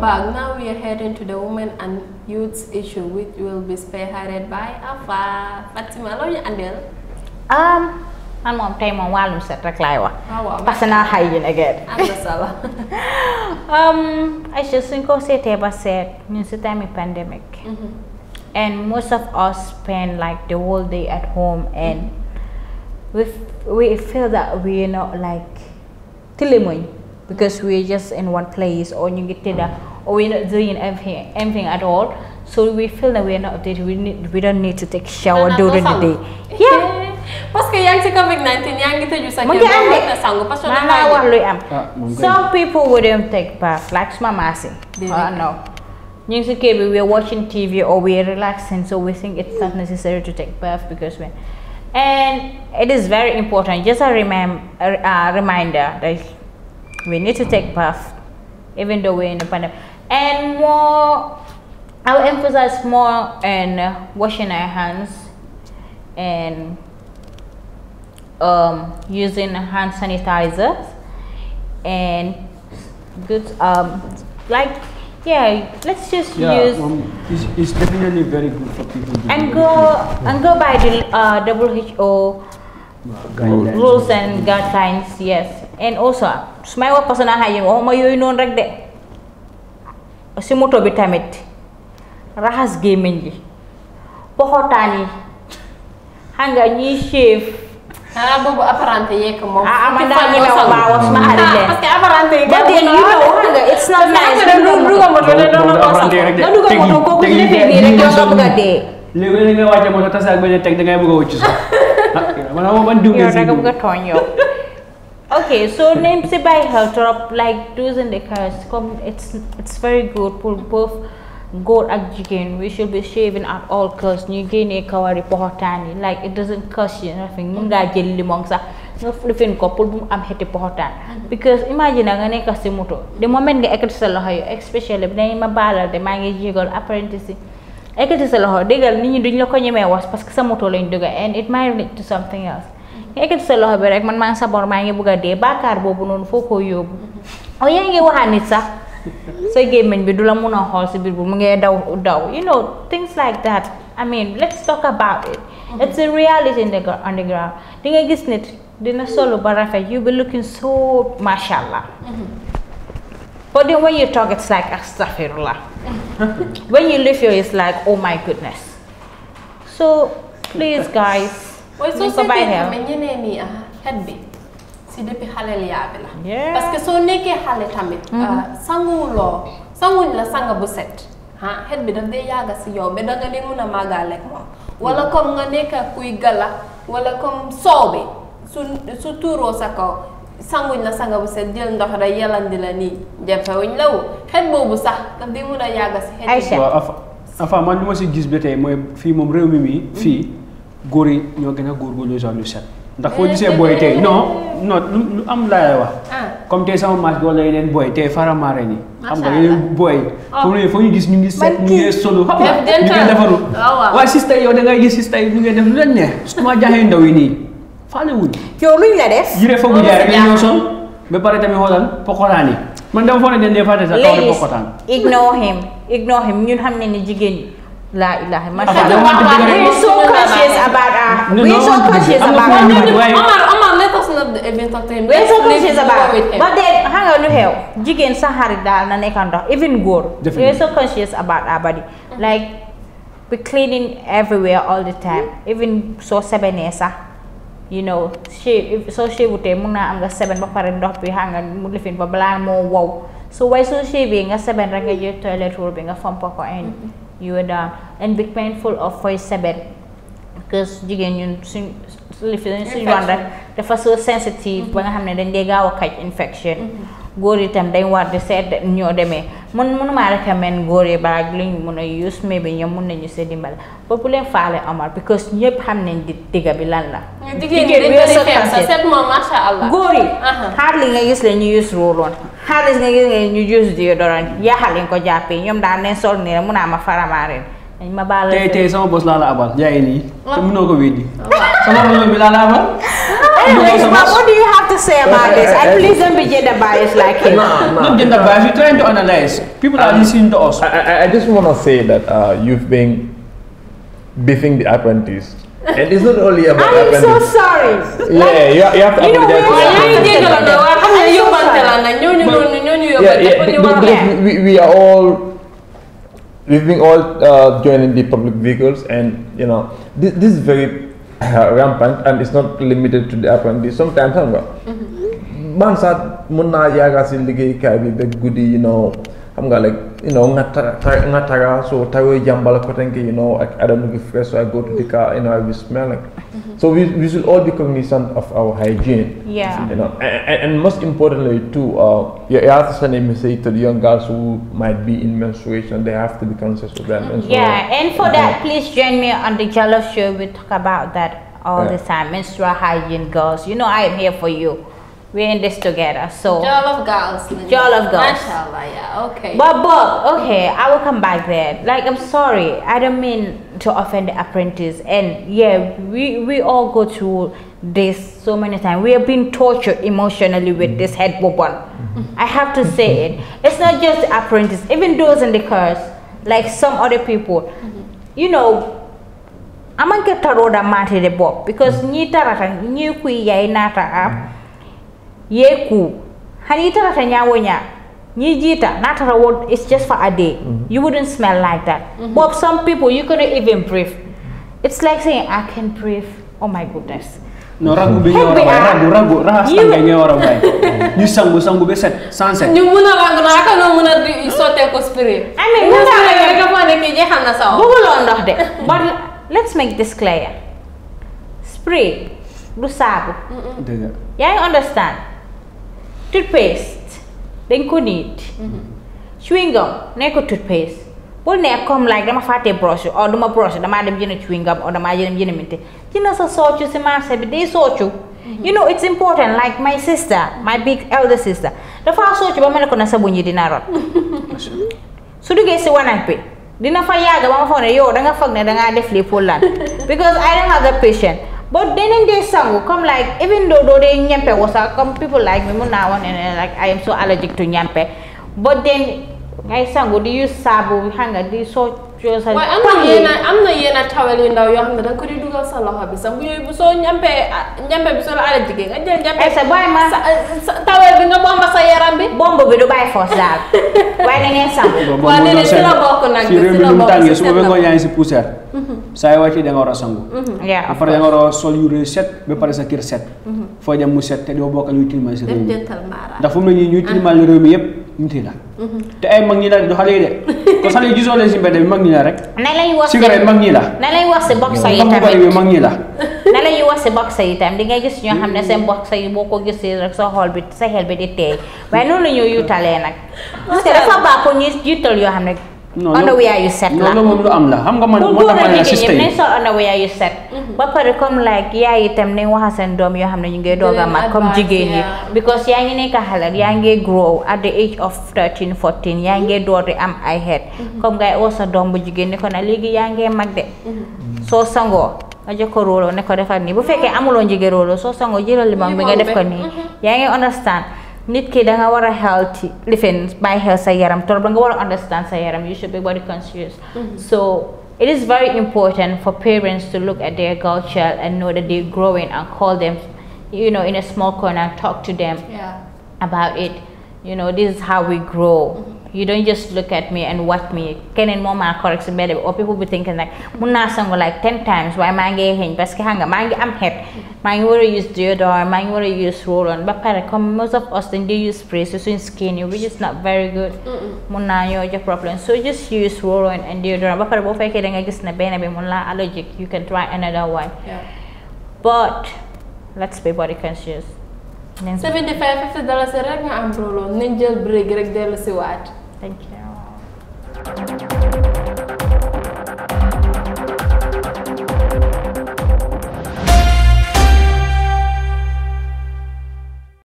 back. Now we are heading to the women and youth issue, which will be spearheaded by Afa Fatima. Loo ñu àndeel. Um, man moom tey moom wàllum set rek laay personal hygiene again. Um, I just think I ko seetee ba seet ñun si time pandemic. Mhm. and most of us spend like the whole day at home and mhm. we we feel that we're not like tilimuñ because we're just in one place or ñu or we're not doing anything, anything at all. So we feel that we are not updated. We need, we don't need to take shower nah, during the day. Yeah. Parce que si COVID-19 yaa ngi tëju sa kër nga war na sangu am some people wouldn't take bath like my maasi Oh no ñu si we are watching TV or we are relaxing so we think it's not necessary to take bath because we and it is very important just a remem reminder that we need to take bath even though we're in a pandemic and more I will emphasize more on washing our hands and um, using hand sanitizers and good um, like yeah let's just yeah, use um, it's, it's, definitely very good for people and go yeah. and go by the uh, WHO rules and guidelines yes and also sumay personal hygiene Oh my, you know, like that. si moto bi tamit rahas gémmiñ gi poxotaan yi xam nga chef ah boobu apparenté yeeg moom ah man daal ñu daw baa wax ma ari leen parce que apparenté ba tey ñu daw xam it's not nice da duga moto da doon ko sax da duga moto kooku ñu defee nii rek yow nga bëgg a dee léegi da ngay wàcce moto tasa ak benn teg da ngay bëgg a sax man xamuma ban diw ngeen si yow bëgg a yow Okay, so name say si her help like do's and the curse. It's it's very good for both gold ak jigen. We should be shaving at all costs. Ñu génnee kawari poxotaan like it doesn't cost you nothing. Mun ngaa jël limon sax nga i ko pour bu mu am xeeti poxotaan. because imagine nga nekk si muto. the moment nga ekkati sa especially when especially dañ ma baalal the maa ngi jégal apprentice ekkati sa loxo déggal nit ñi duñ la ko ñemee was parce que sa moto lañ dugga and it might lead to something else yëkkati oh, sa loxo bi rek man maa sa bor maa ngi bugg a dee bàkkaar boobu noonu foo ko yóbbu o yaa ngi waxaat nit sax sa gémmiñ bi du la mun a xool si biir bu mu daw daw you know things like that I mean let's talk about it mm-hmm. it's a reality in the underground. the ground di nga gis nit dina solo ba rafet you be looking so mashallah. Mm-hmm. but then when you talk it's like astaghfirullah when you live here it's like oh my goodness so please guys nañ ko bàyyi xel mais ñeneen ñi ah, xet bi si depuis xaleel yaa bi la. parce que soo nekkee xale tamit. Ah, mm-hmm. sanguwuloo sanguñ la sanga bu set. ah xet bi daf dee yàgg si yow ba danga dee mun a màggaleeg moom. wala mm-hmm. comme nga nekk kuy gala wala comme soow bi su su tuuroo sa kaw. sanguñ la sanga bu set jël ndox rek yalandi la nii jafewuñ la wu xet boobu sax daf di mun a yàgg si. ay xet waaw afa man li si gis ba tey mooy fii moom réew mi fii. góor yi ñoo gën a góorgóorlu sax lu set. ndax foo eh, gisee booy tey eh, non eh, non lu am laay wax. Ah. comme tey sama match bi wala yeneen booy tey faramaare nii. xam nga yeneen booy. Oh. foofu foo ñu gis ñu ngi set ñu ngi solo. xam nga ñu ngi defaru. Oh, waaye sista yow da ngay gis sista yi ñu ngi def ma jaaxee ndaw yi nii la def. yére foog jaay rek ñoo sol ba pare tamit xoolal pokotaan yi man dama foog ne dañ dee sax kaw pokotaan. ignore him ignore xam ne ni jigéen ñi. laa ilaaha macha allah No, we no, should conscious about. I'm, I'm, I'm, I'm let us love the event of time. We're so conscious about. But then, hang on, You hell, jigen sahari dal na nekando. Even gore, we're so conscious about our body. Mm-hmm. Like we're cleaning everywhere all the time. Mm-hmm. Even so, seven years, ah. you know, she if so she would take muna ang seven ba parang dog behangan mo living for balang more wow. So why so she being a seven rangayo toilet roll being a form poko and mm-hmm. you are done and be painful of for seven. que jigéen ñu suñ li fi dañ suñu yoon rek sensitive ba nga xam ne dañ dee gaaw a kaj infection mm-hmm. góor yi tam dañ war di seet ñoo demee mun mënumaa recommend góor yi baa lu mun a use mais bi ñoom mun nañu see dimbale ba bu leen faale Omar because ñëpp xam nañ di digga bi lan la jigéen góor yi xaar uh-huh. nga gis la ñu use róoloon xaar nga gis nga ñu use déodorant yaaxal lañ ko jàppee ñoom daan ne sol nii rek mun a ma faramaareen dañ ma sama la abal jaay te ko weddi. sama bi la abal. what do you have to say about this? Eh, eh, eh. please don't be gender biased like him. No, no. Not gender biased. are trying to analyze. People are um, listening to us. I, I, just want to say that uh, you've been beefing the apprentice. And it's not only about I'm apprentice. I'm so sorry. Yeah, like, you, you have to you apologize. Know, we're am so we are all we've been all uh, joining the public vehicles and you know this, this is very uh, rampant and it's not limited to the apprentice sometimes xam mm-hmm. nga man said, mën yaga yaakaar si liggéeykaay bi you know I'm gonna like you know ngatara ngatara so taro jambala kotenke you know I, I don't look fresh so I go to the car you know I will smell like mm -hmm. so we, we should all be cognizant of our hygiene yeah you know and, and most importantly too uh you, have to send a message to the young girls who might be in menstruation they have to be conscious of that and yeah and for that know. please join me on the Jello show we talk about that all yeah. the time menstrual hygiene girls you know I am here for you we're in this together. So Joel of girls. Joel of girls. Mashallah, yeah, okay. But Bob, okay, I will come back there. Like I'm sorry, I don't mean to offend the apprentice. And yeah, we we all go through this so many times. We have been tortured emotionally with this head woman. Mm-hmm. I have to say it. It's not just the apprentice, even those in the cars, like some other people. Mm-hmm. You know, I'm gonna a ke taroda mate the bob because mm-hmm. ni tarata ni kui yai nata up yeku hani tara ta nyawonya ni jita na a word it's just for a day mm -hmm. you wouldn't smell like that mm -hmm. but some people you couldn't even breathe it's like saying i can breathe oh my goodness Orang gue orang baik, ragu ragu rahas tangganya orang baik. Nyusang gue sang set, beset, sunset. Nyumuna lagu naka no muna di sote ko spirit. I mean, ya, lagu naka mo nake je hana sao. Bugulo ndoh de. But let's make this clear. Spray, du sabu. Mm -mm. Yeah, I understand. toothpaste then ko mm-hmm. chewing gum nekkul toothpaste bul nekk comme like dama fàtte brosse or oh, duma brosse damaa dem jënd chewing gum or oh, damaa jënd jënd minti jënd sa soccu si marché bi day soccu mm-hmm. you know it's important like my sister my big elder sister dafa soccu ba ma na sa buñ yi dina rot su duggee si dina fa yàgg ba ma foog ne yow danga foog ne def pour lan because I don't have the patient But then in they sangu, come like even though, though they nyampe wasa, come people like me now and then like I am so allergic to nyampe. But then guys sangu, do you sabu hanga? Do you so just like? Why am not yena? I'm not yena towel in now. You hanga Sangu you so nyampe ah, nyampe biso la allergic. Ngaji eh, nyampe. Eh sebai mas. Towel binga bomba saya rambi. Bomba bedo bay force that. Why nengen sangu? Why nengen sila bokon lagi. Sila bokon. Sila bokon. Sila bokon. Sila bokon. Sila bokon. Sila bokon. Sila bokon. Sila bokon. saya mm-hmm. saya wajib dengan orang sanggup, Mm -hmm. yeah, Apa yang orang sol reset, set ba pare kir set foo jam muset, tadi obok kan yutin ñuy tilimal si réew mi ndax fu mu ne nii ñuy tilimal réew mi yëpp ñu tey nag te ay mag de si mbedd bi mag rek Nelayu lay wax cigarette mag ñi Nelayu na lay wax si boxa yi tamit bari bi mag ñi la na lay wax si boxa yi tamit di ngay gis boxa rek sa xol sa xel bi di teey waaye noonu la ñoo yutalee underwear yu set la loolu moom lu am la xam nga man moo tax ma ne la set mhm. ba pare comme like yaay itam nañ waxa seen doom yoo xam ne ñu ngi doog a mag comme jigéen yi because yaa ngi nekk xale yaa ngi grow at the age of 13 14 yaa ngi door di am ay xeet mhm. comme ngay oo sa doom bu jigéen ni ko na léegi yaa ngee mag de mhm. soo sangoo nga jox ko róoloo ne ko defar nii bu fekkee amuloo njigéen róoloo soo sangoo jëlal limam bi nga def ko nii yaa ngi understand nit ki da nga war a healthy living by health, sa yaram trop da nga a understand sa yaram you should be body conscious mm-hmm. so it is very important for parents to look at their girl child and know that they're growing and call them you know in a small corner talk to them yeah. about it you know this is how we grow mm-hmm you don't just look at me and watch me keneen moo moma correct si or people be thinking like mun naa like ten times why maa ngi xeeñ parce que xam am xet maa ngi use deodorant maa ngi use roll on ba pare comme most of us then they use spray si skin you which is not very good mun naa your jox problème so just use roll on and deodorant ba pare boo fekkee da nga gis ne benn bi mun allergic you can try another one but let's be body conscious 75 fifty dollars rek nga am loolu nañ jël break rek dellu si waat.